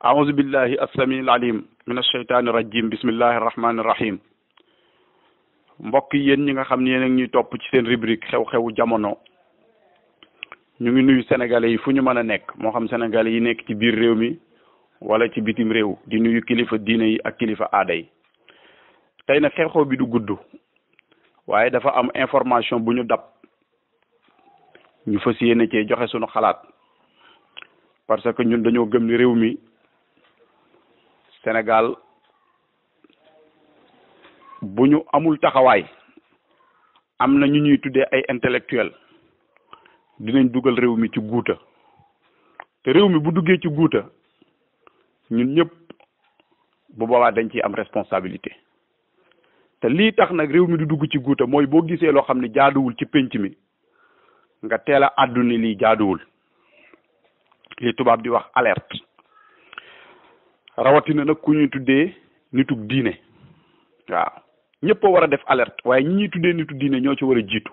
أعوذ بالله السميع العليم من الشيطان الرجيم بسم الله الرحمن الرحيم mbokk yéen ñi nga xam ne yéen a ñuy topp ci seen rubrique xew-xewu jamono ñu ngi nuyu sénégalais yi fu ñu mën a nekk moo xam sénégalais yi nekk ci biir réew mi wala ci bitim réew di nuyu kilifa diine yi ak kilifa aada yi tey nag xew-xew bi du gudd waaye dafa am information bu ñu dab ñu fas yéene cee joxe sunu xalaat parce que ñun dañoo gëm ni réew mi. Sénégal bu ñu amul taxawaay am na ñu ñuy tuddee ay intellectuel dinañ dugal réew mi ci guuta te réew mi bu duggee ci guuta ñu ñëpp bu boobaa dañ ciy am responsabilité te lii tax nag réew mi du dugg ci guuta mooy boo gisee loo xam ne jaaduwul ci pénc mi nga teel a àdduna lii jaaduwul li tubaab di wax alerte rawatina nag ku ñuy tuddee nitug diine waaw ñëpp war a def alerte waaye ñi ñuy tuddee nitu diine ñoo ci war a jiitu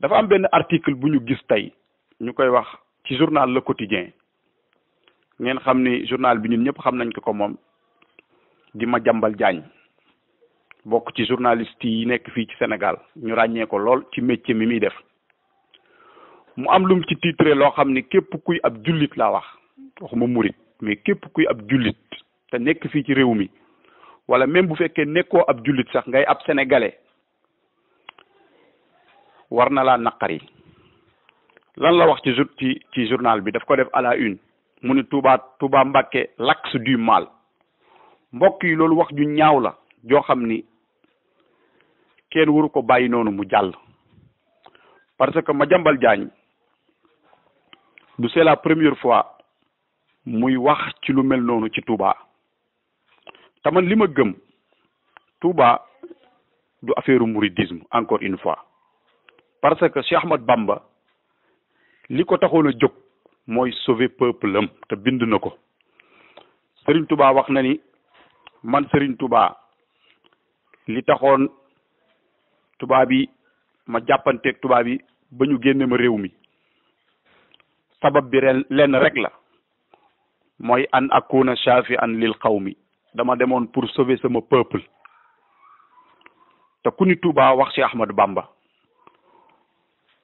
dafa am benn article bu ñu gis tey ñu koy wax ci journal Le Quotidien ngeen xam ni journal bi ñun ñëpp xam nañ ko ko moom dima jàmbal Diagne bokk ci journaliste yi nekk fii ci Sénégal ñu ràññee ko lool ci métier mi muy def mu am lum ci titre loo xam ni képp kuy ab jullit laa wax waxuma murit mais képp kuy ab jullit te nekk fii ci réew mi wala même bu fekkee nekkoo ab jullit sax ngay ab sénégalais war na laa naqari lan la wax ci ci ci journal bi daf ko def à la une mu ni Touba Touba Mbacké l'axe du mal mbokk yi loolu wax ju ñaaw la joo xam ni kenn waru ko bàyyi noonu mu jàll parce que ma Diagne du c'est la première fois muy wax ci lu mel noonu ci Touba te li ma gëm Touba du affaire mouridisme encore une fois parce que Cheikh Ahmad Bamba li ko taxoon a jóg mooy sauver peuple te bind na ko Serigne Touba wax na ni man sëriñ Touba li taxoon tubaab yi ma jàppanteek tubaab yi ba ñu génne ma réew mi sabab bi lenn rek la. mooy an akuna shafi an lil mi dama demoon pour sauver sama peuple te ku ni tubaa wax ci Ahmadou Bamba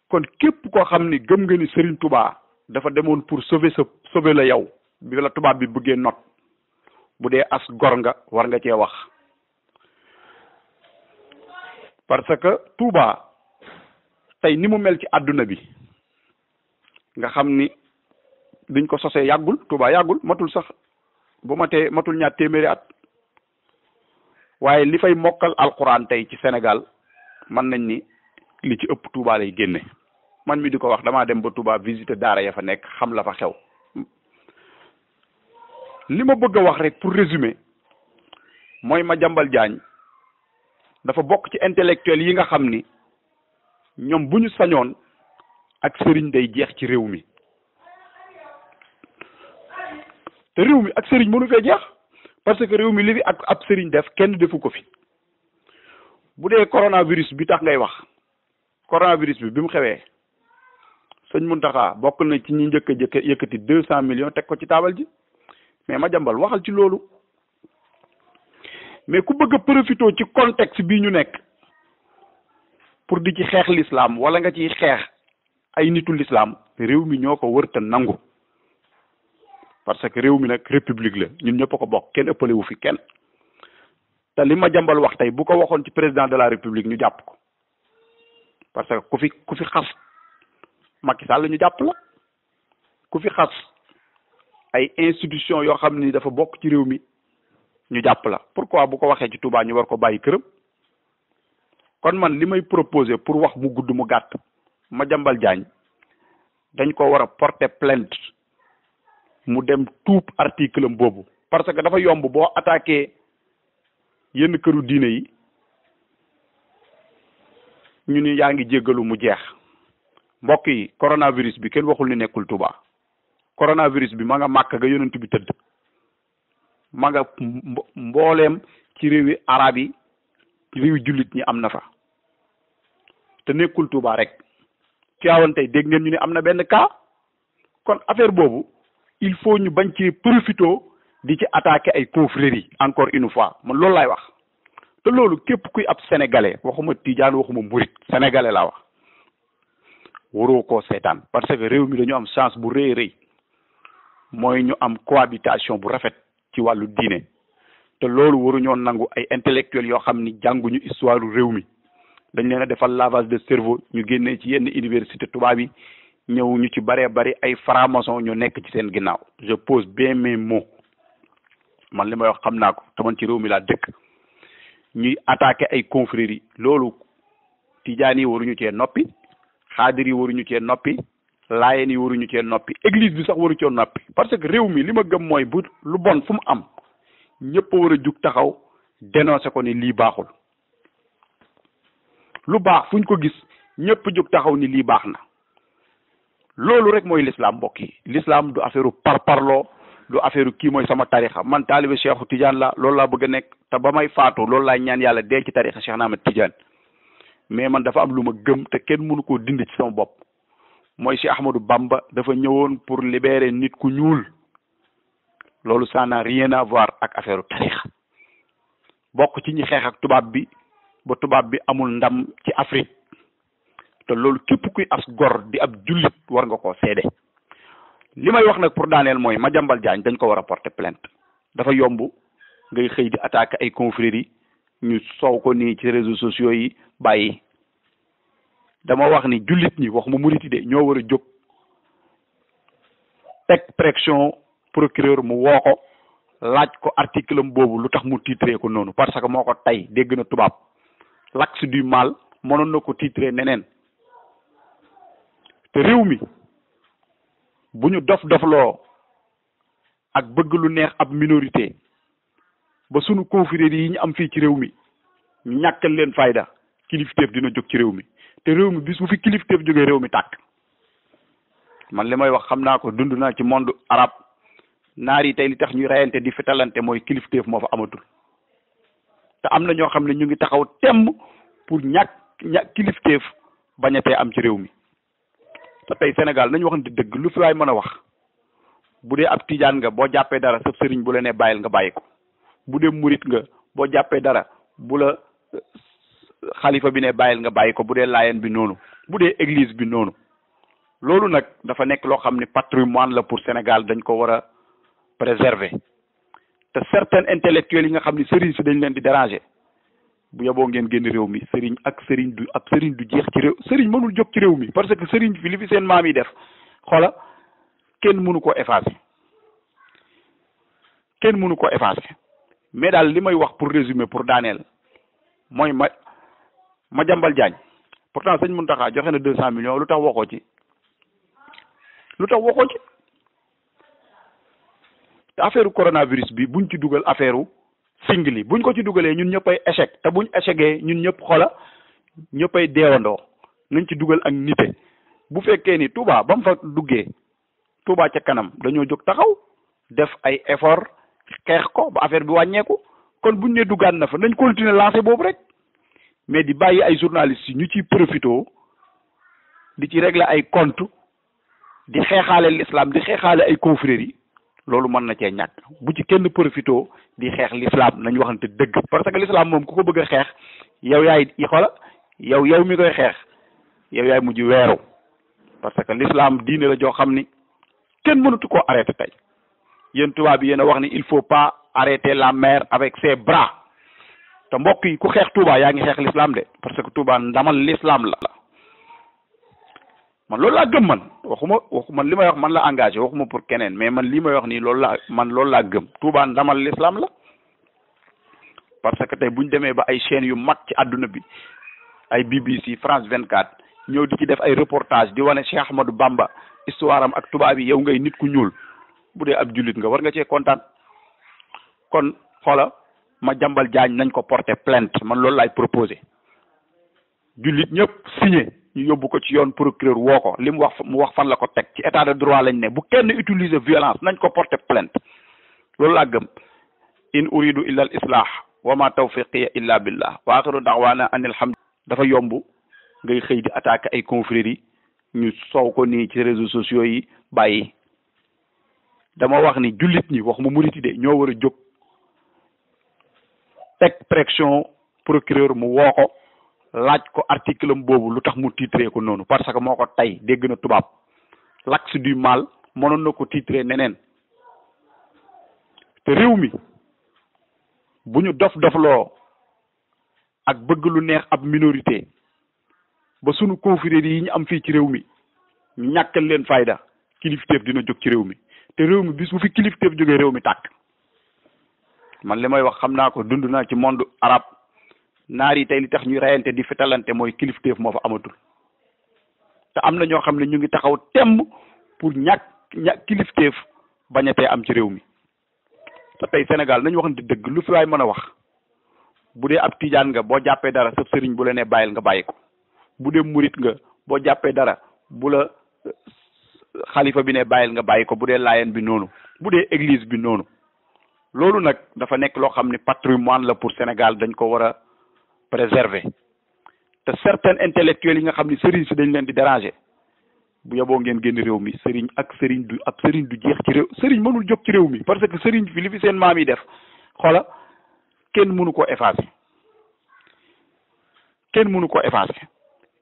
kon képp koo xam ni gëm nga ni tubaa dafa demoon pour sauver sa sauver la yow bi la tubaab bi buggee not bu dee as gor nga war nga cee wax parce que Touba tey ni mu mel ci àdduna bi nga xam ni liñ ko sosee yàggul Touba yàggul matul sax bu matee matul ñaat téeméeri at waaye li fay mokkal alxuraan tey ci Sénégal mën nañ ni li ci ëpp Touba lay génne man mi di ko wax damaa dem ba Touba visiter daara ya fa nekk xam la fa xew li ma bëgg a wax rek pour résumer mooy ma Madiambal Diagne dafa bokk ci intellectuel yi nga xam ni ñoom bu ñu sañoon ak sëriñ day jeex ci réew mi te réew mi ak sëriñ mënu fee jeex parce que réew mi li fi ak ab sëriñ def kenn defu ko fi bu dee coronavirus bi tax ngay wax coronavirus bi bi mu xewee sëñ Muntaxa bokk na ci ñi njëkk a jëkk yëkkati deux cent millions teg ko ci taabal ji mais ma jàmbal waxal ci loolu mais ku bëgg a profité ci contexte bii ñu nekk pour di ci xeex lislaam wala nga ciy xeex ay nitu lislaam réew mi ñoo ko wër te nangu parce que réew mi nag république la ñun ñëpp ko bokk kenn ëppale wu fi kenn te li ma jàmbal wax tey bu ko waxoon ci président de la république ñu jàpp ko parce que ku fi ku fi xas Macky la ñu jàpp la ku fi xas ay institution yoo xam ni dafa bokk ci réew mi ñu jàpp la pourquoi bu ko waxee ci Touba ñu war ko bàyyi këram kon man li may proposer pour wax mu gudd mu gàtt ma jàmbal jaañ dañ ko war a porter mu dem tuub article am boobu parce que dafa yomb boo attaqué yenn këru diine yi ñu ni yaa ngi jéggalu mu jeex mbokk yi coronavirus bi kenn waxul ni nekkul Touba coronavirus bi maga nga màkk ga yonent bi tëdd ma mbooleem ci réewi arab yi réewi jullit ñi am na fa te nekkul Touba rek Tiwaawan tey dégg ngeen ñu ne am na benn cas kon affaire boobu il faut ñu bañ ci profito di ci attaquer ay confréries encore une fois man loolu laay wax te loolu képp kuy ab sénégalais waxuma tijaan waxuma murit sénégalais laa wax waroo ko seetaan parce que réew mi dañu am chance bu rëy rëy mooy ñu am cohabitation bu rafet ci wàllu diine te loolu waruñoo nangu ay intellectuels yoo xam ni jànguñu histoire réew mi dañ leen defal lavage de cerveau ñu génne ci yenn université tubaab yi ñëw ñu ci bëree bëri ay franc-maçon ñu nekk ci seen ginnaaw je pose bien mes mots man li ma wax xam naa ko taman ci réew mi laa dëkk ñuy attaqué ay confréries loolu tijaan yi waruñu cee noppi xaadir yi waruñu cee noppi laayeen yi waruñu cee noppi église bi sax waru cee noppi parce que réew mi li ma gëm mooy bu lu bon fu mu am ñëpp a war a jug taxaw dénoncé ko ni lii baaxul lu baax fu ñu ko gis ñëpp jug taxaw ni lii baax na loolu rek mooy l'islam mbokk yi l'islam du affaire par parloo du affaire kii mooy sama tarixa man taalibe Cheikhu Tidiane la loolu laa bëgga a nekk te ba may faatu loolu laay ñaan yàlla dee ci tarixa Cheikh Ahmed Tidiane mais man dafa am lu ma gëm te kenn mënu koo dind ci sama bopp mooy Cheikh Ahmadou Bamba dafa ñëwoon pour libérer nit ku ñuul loolu ça n'a rien à ak affaire tarixa bokk ci ñi xeex ak tubaab bi ba tubaab bi amul ndam ci Afrique te loolu képp kuy as gor di ab jullit war nga koo seede li may wax nag pour daaneel mooy ma jàmbal Diagne dañ ko war a porter plainte dafa yomb ngay xëy di attaquer ay confrères yi ñu soow ko nii ci réseaux sociaux yi bàyyi dama wax ni jullit ñi wax mu murit de ñoo war a jóg teg pression procureur mu woo laaj ko article am boobu lu tax mu titré ko noonu parce que moo ko tey dégg na tubaab l'axe du mal mënoon na ko titré neneen te réew mi bu ñu dof loo ak bëgg lu neex ab minorité ba sunu confrérie yi ñu am fii ci réew mi ñu ñàkkal leen fayda kilifteef dina jog ci réew mi te réew mi bis bu fi kilifteef jógee réew mi tàkk man li may wax xam naa ko dund naa ci monde arabe naar yi tey li tax ñuy reyante di fetalante mooy kilifteef moo fa amatul te am na ñoo xam ne ñu ngi taxaw temm pour ñàkk ñàkk kilifteef bañatee am ci réew mi te tey Sénégal nañu waxante dëgg lu fi mën a wax bu dee ab tijaan nga boo jàppee dara sab sëriñ bu la nee bàyyil nga bàyyi ko bu dee murit nga boo jàppee dara bu la xalifa bi ne bàyyil nga bàyyi ko bu dee laayeen bi noonu bu dee église bi noonu loolu nag dafa nekk loo xam ne patrimoine la pour Sénégal dañ ko war a préserver te certains intellectuels yi nga xam ne sëriñ si dañ leen di dérangé bu yaboo ngeen génn réew mi sëriñ ak sëriñ du ab sëriñ du jeex ci réew sëriñ mënul jóg ci réew mi parce que sëriñ fi li fi seen maam yi def xoola kenn mënu koo effacer kenn mënu ko effacer mais daal li may wax pour résumer pour daaneel mooy ma ma jàmbal jaañ pourtant sëñ Mountakha joxe na deux cent millions lu tax waxoo ci lu tax waxoo ci affaire coronavirus bi buñ ci dugal affaire single bu ñu ko ci dugalee ñun ñëppay échec te buñ échecgee ñun ñëpp xola ñëppay deewandoo nañ ci dugal ak nite bu fekkee ni Touba ba mu fa duggee Touba ca kanam dañoo jóg taxaw def ay effort xeex ko ba affaire bi wàññeeku kon buñ ne duggaan na fa nañ continuer lancé boobu rek mais di bàyyi ay journalistes yi ñu ciy profito di ci régler ay compte di xeexaale l'islam di xeexaale ay confréries yi lolu mana na ci ñak bu ci kenn profito di xex l'islam nañ waxante deug parce que l'islam mom ku ko bëgg xex yow yaay i xola yow yow mi koy xex yow yaay mujj wéru parce que l'islam diiné la jo xamni kenn ko arrêter tay yeen tuba bi yeena wax ni il faut pas arrêter la mer avec ses bras te mbokk yi ku xex tuba yaa ngi xeex l'islam de parce que tuba ndamal l'islam la man loolu laa gëm man waxuma waxu man li may wax man la engagé waxuma pour keneen mais man li may wax nii loolu laa man loolu laa gëm Touba ndamal l'islam la parce que tey bu ñu demee ba ay chaînes yu mag ci àdduna bi ay BBC France 24 ñëw di ci def ay reportage di wane Cheikh Ahmadou Bamba histoire am ak tubaab yi yow ngay nit ku ñuul bu dee ab julit nga war nga cee kontaan kon xoola ma jambal jaañ nañ ko porter plainte man loolu laay proposé julit ñëpp signé. ñu yóbbu ko ci yoon procureur woo ko li mu wax mu wax fan la ko teg ci état de droit lañ ne bu kenn utiliser violence nañ ko porter plainte loolu laa gëm in uridu illa al islah wa ma tawfiqiya illa billah wa axiru da'wana an alhamd dafa yomb ngay xëy di attaque ay confrères yi ñu soow ko nii ci réseaux sociaux yi bàyyi dama wax ni jullit ñi wax mu murit de ñoo war a jóg teg pression procureur mu wooko laaj ko article am boobu lu tax mu titré ko noonu parce que moo ko tey dégg na tubaab l'axe du mal mënoon ko titré neneen te réew mi bu ñu dof dofloo ak bëgg lu neex ab minorité ba sunu confrérie yi ñu am fii ci réew mi ñu ñàkkal leen fayda kilifteef dina jog ci réew mi te réew mi bis bu fi kilifteef jógee réew mi tàkk man li may wax xam naa ko dund naa ci monde arabe naar yi tey li tax ñuy rayante di fitalante mooy kilifteef moo fa amatul te am na ñoo xam ne ñu ngi taxaw temm pour ñàkk ñàkk kilifteef bañ am ci réew mi te tey Sénégal wax waxante dëgg lu fi waay mën a wax bu dee ab tijaan nga boo jàppee dara sab sëriñ bu la nee bàyyil nga bàyyi ko bu dee murit nga boo jàppee dara bu la euh, xalifa bi ne bàyyil nga bàyyi ko bu dee laayeen bi noonu bu dee église bi noonu loolu nag dafa nekk loo xam ne patrimoine la pour Sénégal dañ ko war a préserver te certains intellectuels yi nga xam ne sëriñ si dañ leen di déranger bu yoboo ngeen génn réew mi sëriñ ak sëriñ du ab sëriñ du jeex ci réew sëriñ mënul jóg ci réew mi parce que sëriñ fi li fi seen maam yi def xoola kenn mënu koo effacer kenn mënu koo effacer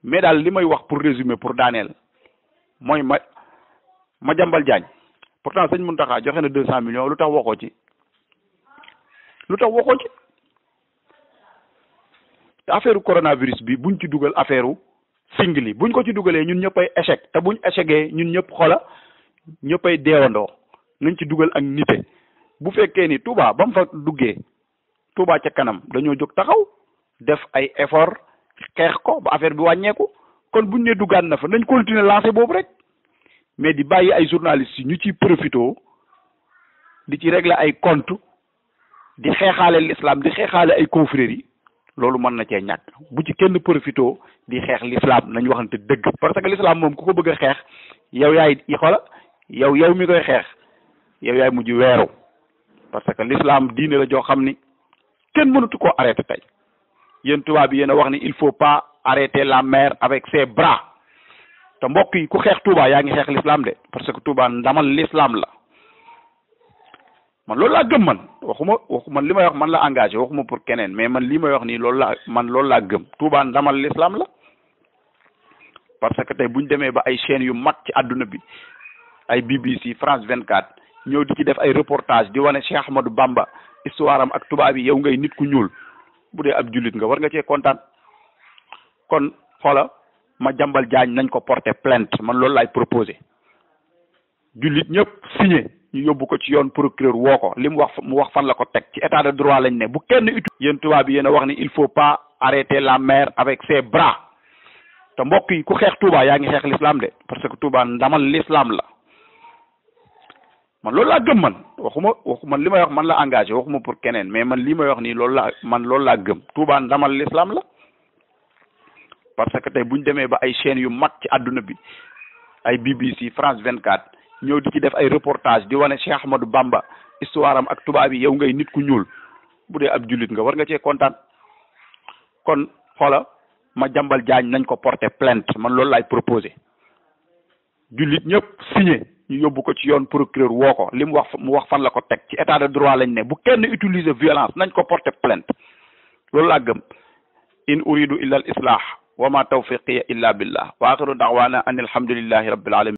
mais daal li may wax pour résumer pour daaneel mooy ma ma jàmbal jaañ pourtant sëñ Mountakha joxe na deux cent millions lu tax waxoo ci lu tax waxoo ci affaire coronavirus bi buñ ci dugal affaire single bu buñ ko ci dugalee ñun ñëppay échec te buñ échecgee ñun ñëpp xola ñëppay deewandoo nañ ci dugal ak nite bu fekkee ni Touba ba mu fa duggee Touba ca kanam dañoo jóg taxaw def ay effort xeex ko ba affaire bi wàññeeku kon buñ ne duggaat na fa nañ continuer lancer boobu rek mais di bàyyi ay journalistes yi ñu ciy profito di ci régler ay compte di xeexaale l'islam di xeexaale ay confréries yi Lalu mana na ci ñàkk bu ci kenn profito di xex l'islam nañ waxante deug parce que l'islam mom ku ko bëgg xex yow yaay yi xola yow yow mi koy xex yow yaay mujj weeru parce que l'islam diiné la jo xamni kenn wax ni il faut pas arrêter la mer avec ses bras te mbokk yi ku xex tuba yaa ngi l'islam de parce que tuba ndamal l'islam la man loolu laa gëm man waxuma waxu man li may wax man la engagé waxuma pour keneen mais man li may wax nii loolu man loolu laa gëm Touba ndamal l'islam la parce que tey bu ñu demee ba ay chaînes yu mag ci àdduna bi ay BBC France 24 ñëw di ci def ay reportage di wane Cheikh Ahmadou Bamba histoire am ak tubaab yi yow ngay nit ku ñuul bu dee ab julit nga war nga cee kontaan kon xoola ma jambal jaañ nañ ko porter plainte man loolu laay proposé julit ñëp signé. ñu yóbbu ko ci yoon procureur woo ko li mu wax mu wax fan la ko teg ci état de droit lañ ne bu kenn uti yéen tubaab bi yéen a wax ni il faut pas arrêter la mer avec ses bras te mbokk yi ku xeex Touba yaa ngi xeex l'islam de parce que Touba ndamal l'islam la man loolu laa gëm man waxuma waxu man li may wax man la engagé waxuma pour keneen mais man li may wax nii loolu laa man loolu laa gëm Touba ndamal l'islam la parce que tey bu demee ba ay chaînes yu mag ci àdduna bi ay BBC France 24. ñew di ci def ay reportage di wone Cheikh Ahmadou Bamba histoire am ak tuba bi yow ngay nit ku ñuul bu dee ab julit nga war nga cee kontaan kon xola ma jambal jaañ nañ ko porter plainte man loolu lay proposer julit ñëpp signé ñu yóbbu ko ci yoon procureur woo ko wax mu wax fan la ko teg ci état de droit lañ ne bu kenn utiliser violence nañ ko porter plainte loolu laa gëm in uridu illa al islah wa ma tawfiqiya illa billah wa akhiru da'wana anil hamdulillahi rabbil alamin